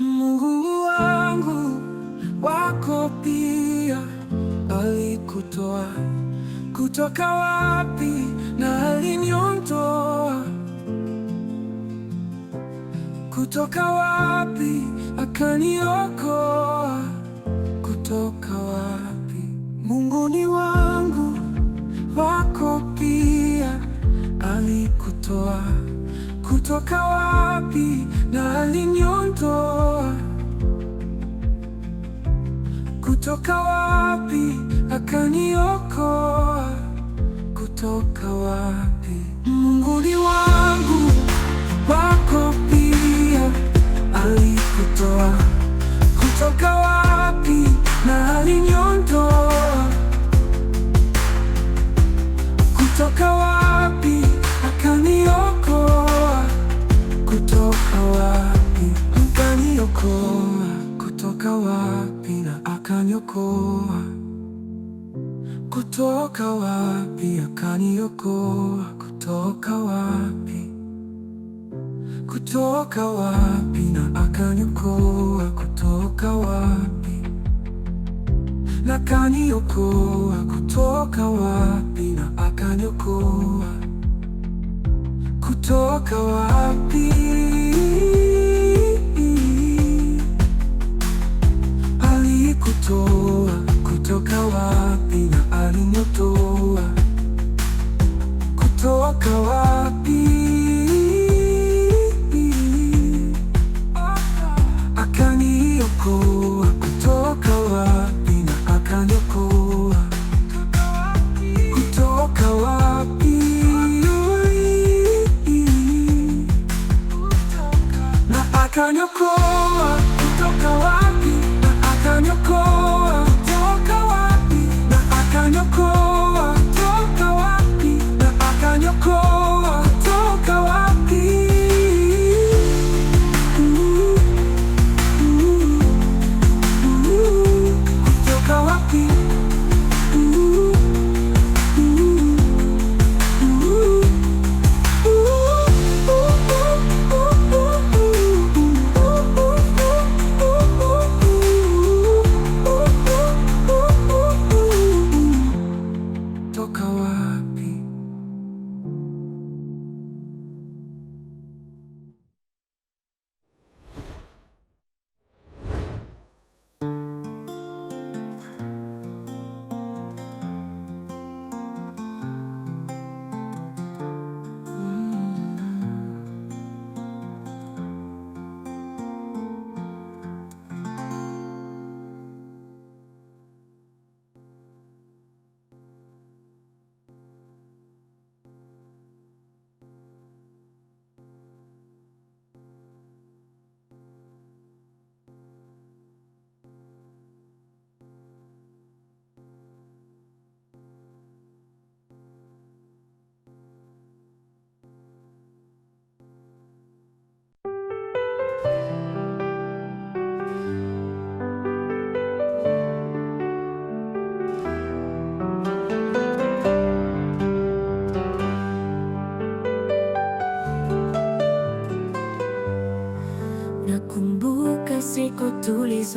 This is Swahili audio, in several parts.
Mungu wangu wako pia, alikutoa kutoka wapi na aliniondoa kutoka wapi, akaniokoa kutoka wapi. Mungu ni wangu wako pia, alikutoa kutoka wapi na aliniondoa kutoka wapi, akaniokoa kutoka wapi? Mungu ni wangu kutoka wapi? Akaniokoa kutoka wapi? Kutoka wapi? Na akaniokoa kutoka wapi? Na akaniokoa kutoka wapi? Na akaniokoa kutoka wapi? Alikutoa kutoka wapi? go up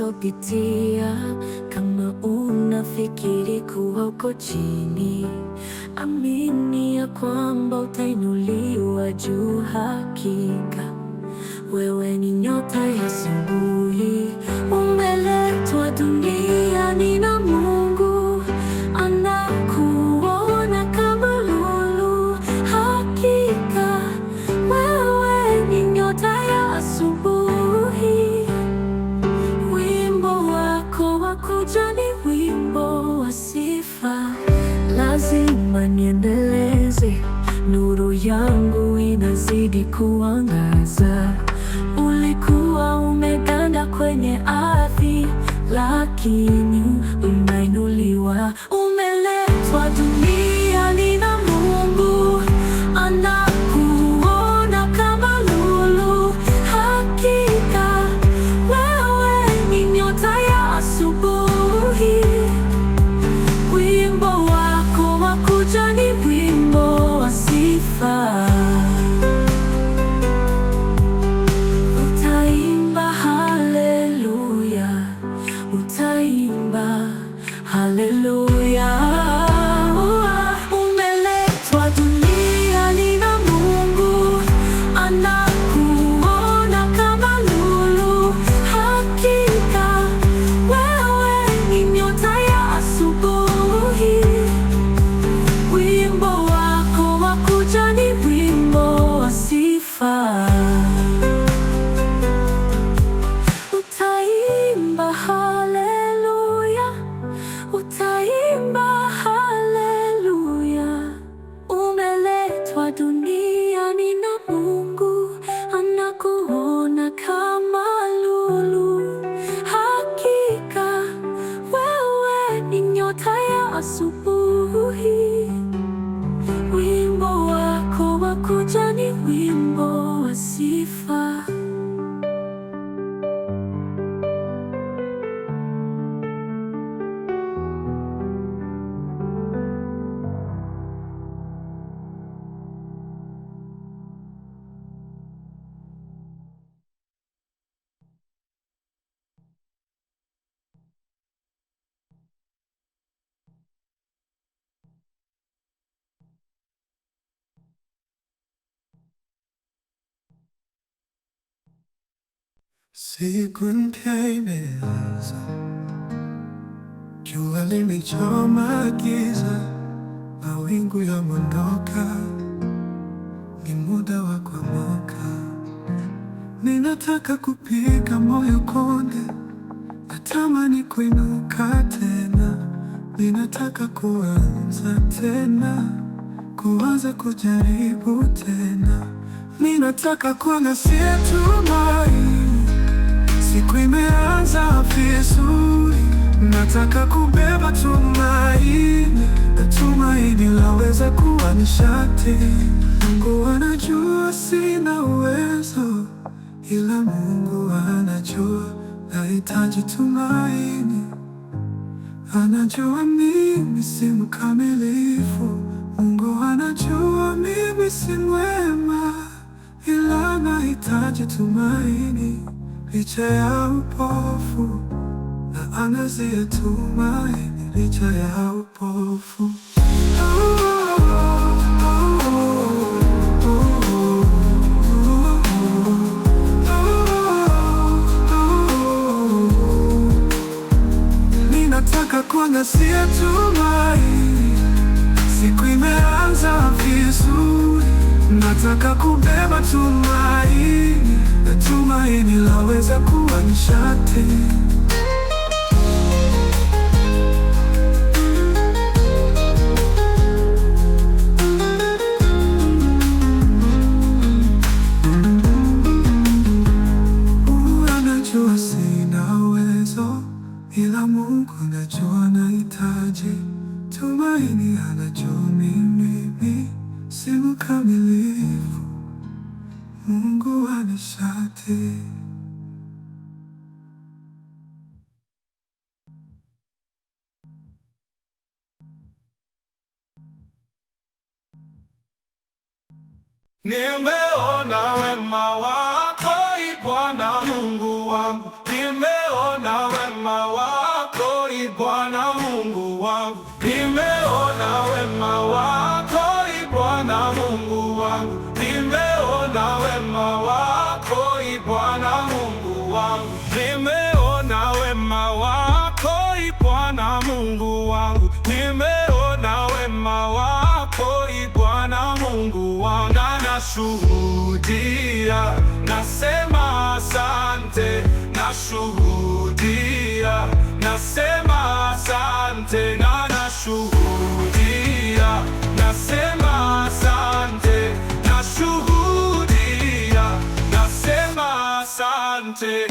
unazopitia. Kama unafikiri kuwa uko chini, amini ya kwamba utainuliwa juu. Hakika wewe ni nyota ya You. Siku mpya imeanza, jua limechoma giza, mawingu yameondoka, ni muda wa kuamka. Ninataka kupiga moyo konde, natamani kuinuka tena, ninataka kuanza tena, kuanza kujaribu tena, ninataka kuwa na situmai Siku imeanza vizuri, nataka kubeba tumaini, na tumaini laweza kuwa nishati. Mungu anajua sina uwezo, ila Mungu anajua nahitaji tumaini. Anajua mimi si mkamilifu, Mungu anajua mimi si mwema, ila nahitaji tumaini licha ya upofu na anazia tumaini licha ya upofu ninataka kuangazia tumaini, siku imeanza vizuri. Nataka kubeba tumaini, na tumaini laweza kuwa nishati. nimeona wema wako, Bwana Mungu wangu. nashuhudia, nasema asante na nashuhudia, nasema asante, nashuhudia, nasema asante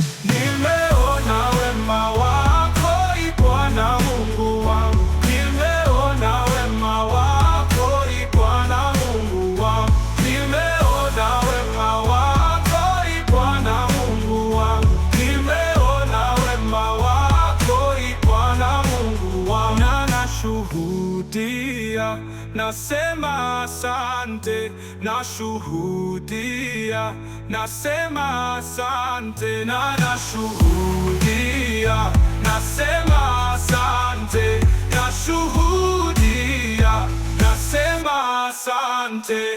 nashuhudia, nasema asante, na nashuhudia, nasema asante, nashuhudia, nasema asante.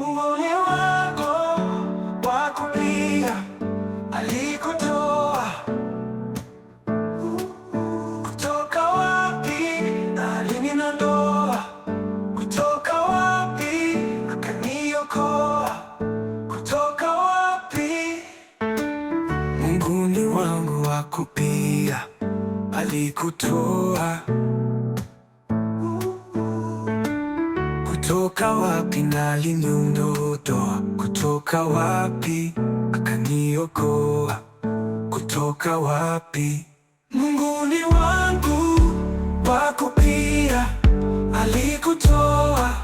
Mbinguni wako wa kulia alikutoa kutoka wapi aliniondoa, kutoka wapi akaniokoa, kutoka wapi Mbinguni wangu wa kupia alikutoa Kutoka wapi na naliniondoa, kutoka wapi akaniokoa, kutoka wapi? Mungu ni wangu, wako pia, alikutoa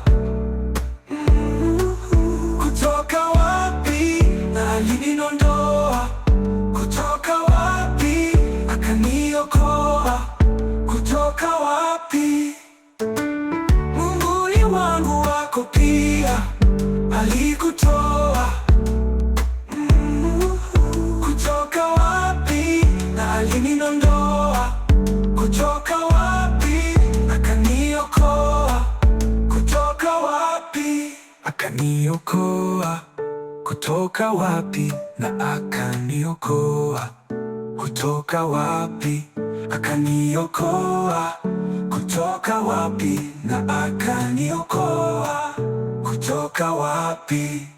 Alitoa kutoka wapi? Na aliniondoa kutoka wapi? Akaniokoa kutoka wapi? Akaniokoa kutoka wapi? Na akaniokoa kutoka wapi? Akaniokoa kutoka wapi? Na akaniokoa kutoka wapi?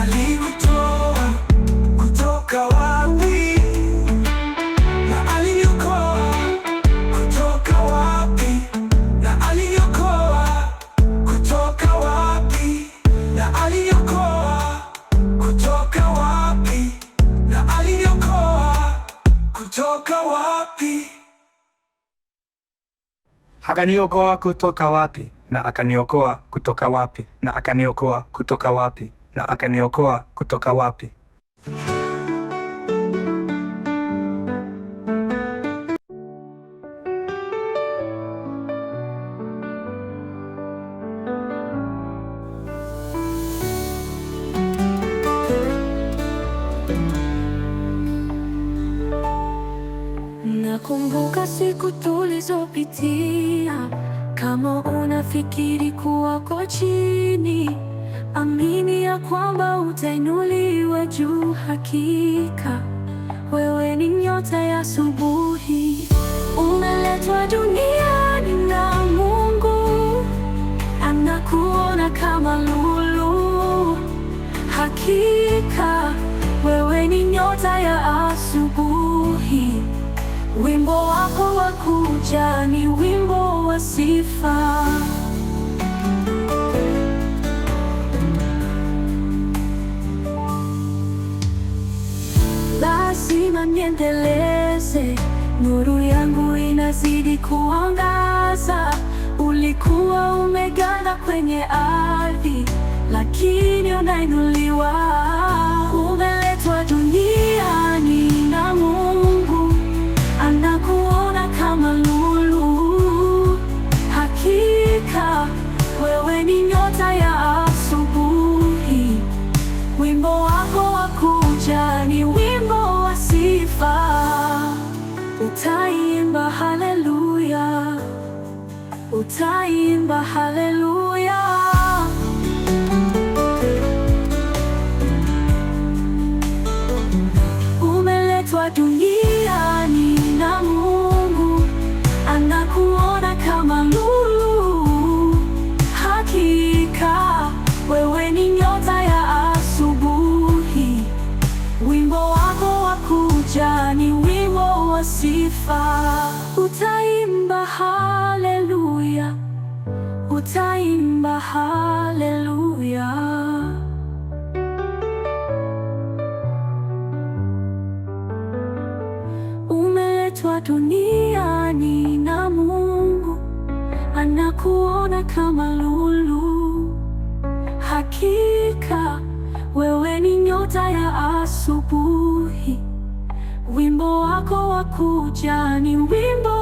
Alikutoa kutoka wapi? Na aliokoa kutoka wapi? Na aliokoa kutoka wapi? Na aliokoa kutoka wapi? Na aliokoa kutoka wapi? Akaniokoa kutoka wapi? na akaniokoa kutoka wapi na akaniokoa kutoka wapi na akaniokoa kutoka wapi. ya kwamba utainuliwa juu. Hakika wewe ni nyota ya asubuhi, umeletwa duniani na Mungu, anakuona kama lulu. Hakika wewe ni nyota ya asubuhi, wimbo wako wa kuja ni wimbo wa sifa. lazima niendeleze. Nuru yangu inazidi kuangaza. Ulikuwa umeganda kwenye ardhi, lakini unainuliwa taimba haleluya. Umeletwa duniani na Mungu, anakuona kama lulu. Hakika wewe ni nyota ya asubuhi, wimbo wako wa kuja ni wimbo wa sifa, utaimba kuimba haleluya. Umeletwa duniani na Mungu, anakuona kama lulu. Hakika wewe ni nyota ya asubuhi, wimbo wako wa kuja ni wimbo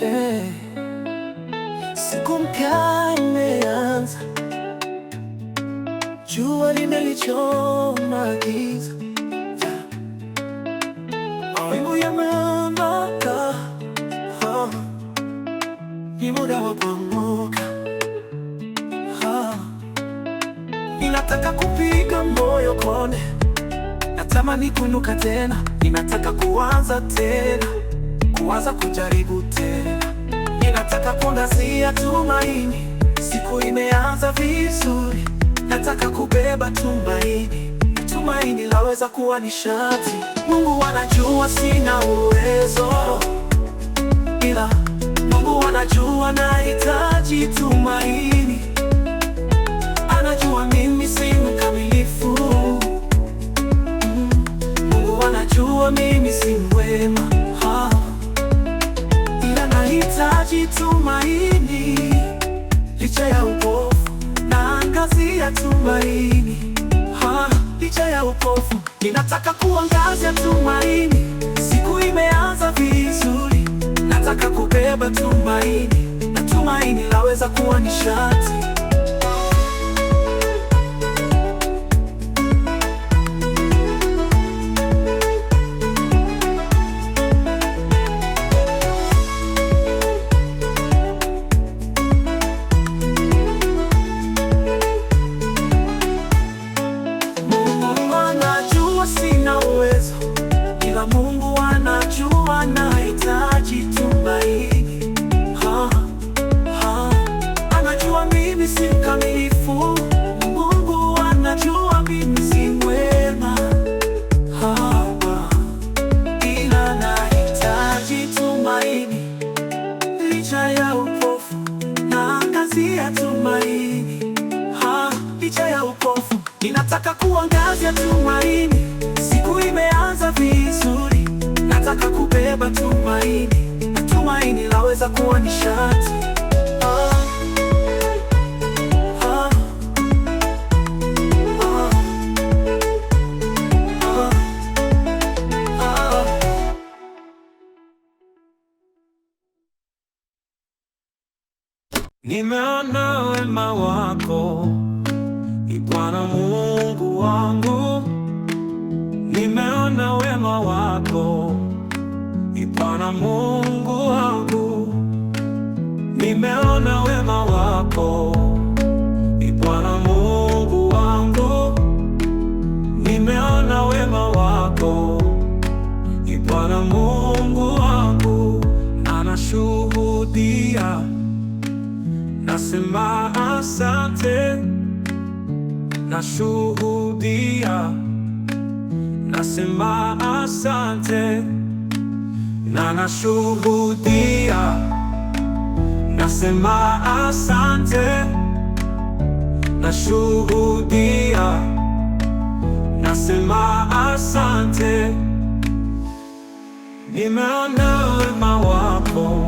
Hey, eh. siku mpya imeanza, jua limelichoma giza, mawingu yameamka, ah. ni muda wa kuamka. Ah. Ninataka kupiga moyo kone, natamani kuinuka tena, ninataka kuanza tena niliwaza kujaribu tena. Ninataka kuangazia tumaini, siku imeanza vizuri. Nataka kubeba tumaini, tumaini laweza kuwa nishati. Mungu anajua sina uwezo, ila Mungu anajua nahitaji tumaini. Anajua mimi si mkamilifu, mm. Mungu anajua mimi si mwema tumaini licha ya upofu, ya tumaini ha, licha ya upofu, ninataka kuangazia tumaini. Nimeona wema wako Ee Bwana Mungu wangu, nimeona wema wako Ee Bwana Mungu wangu, nimeona wema wako Nasema asante, nashuhudia. Nasema asante na nashuhudia. Nasema asante, nashuhudia. Nasema asante, nimeona wema wako,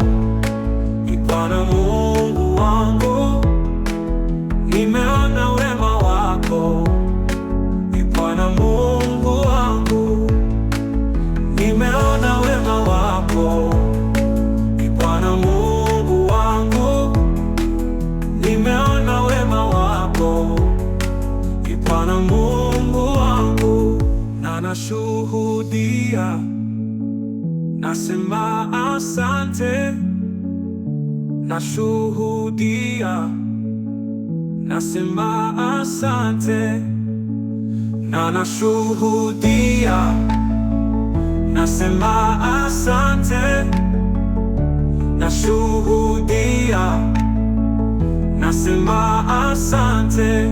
Bwana Mungu wangu. nashuhudia, nasema asante, nashuhudia, nasema asante, na nashuhudia, nasema asante, nashuhudia, nasema asante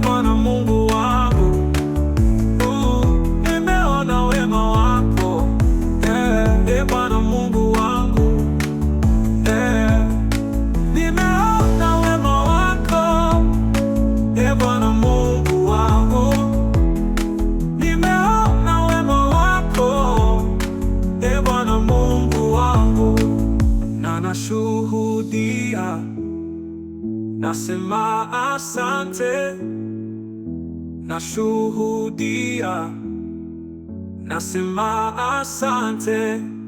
Bwana Mungu nashuhudia, nasema asante.